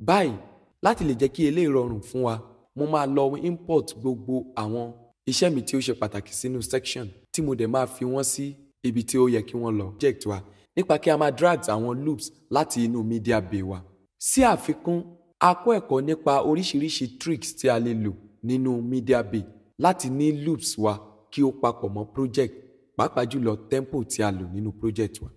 báyìí láti lè jẹ́ kí eléyìí rọrùn fún wa mo máa lọ import gbogbo àwọn iṣẹ́ mi tí ó ṣe pàtàkì sínú section tí mo dẹ̀ máa fi wọ́n sí ibi tí ó yẹ kí wọ́n lọ object wa nípa kí a máa drag àwọn loops láti inú media bay wa. sí àfikún a kọ́ ẹ̀kọ́ nípa oríṣiríṣi tricks tí a lè lò nínú media bay láti ní loops wa kí ó papọ̀ mọ́ project pàápàá jùlọ tempo tí a lò nínú project wa.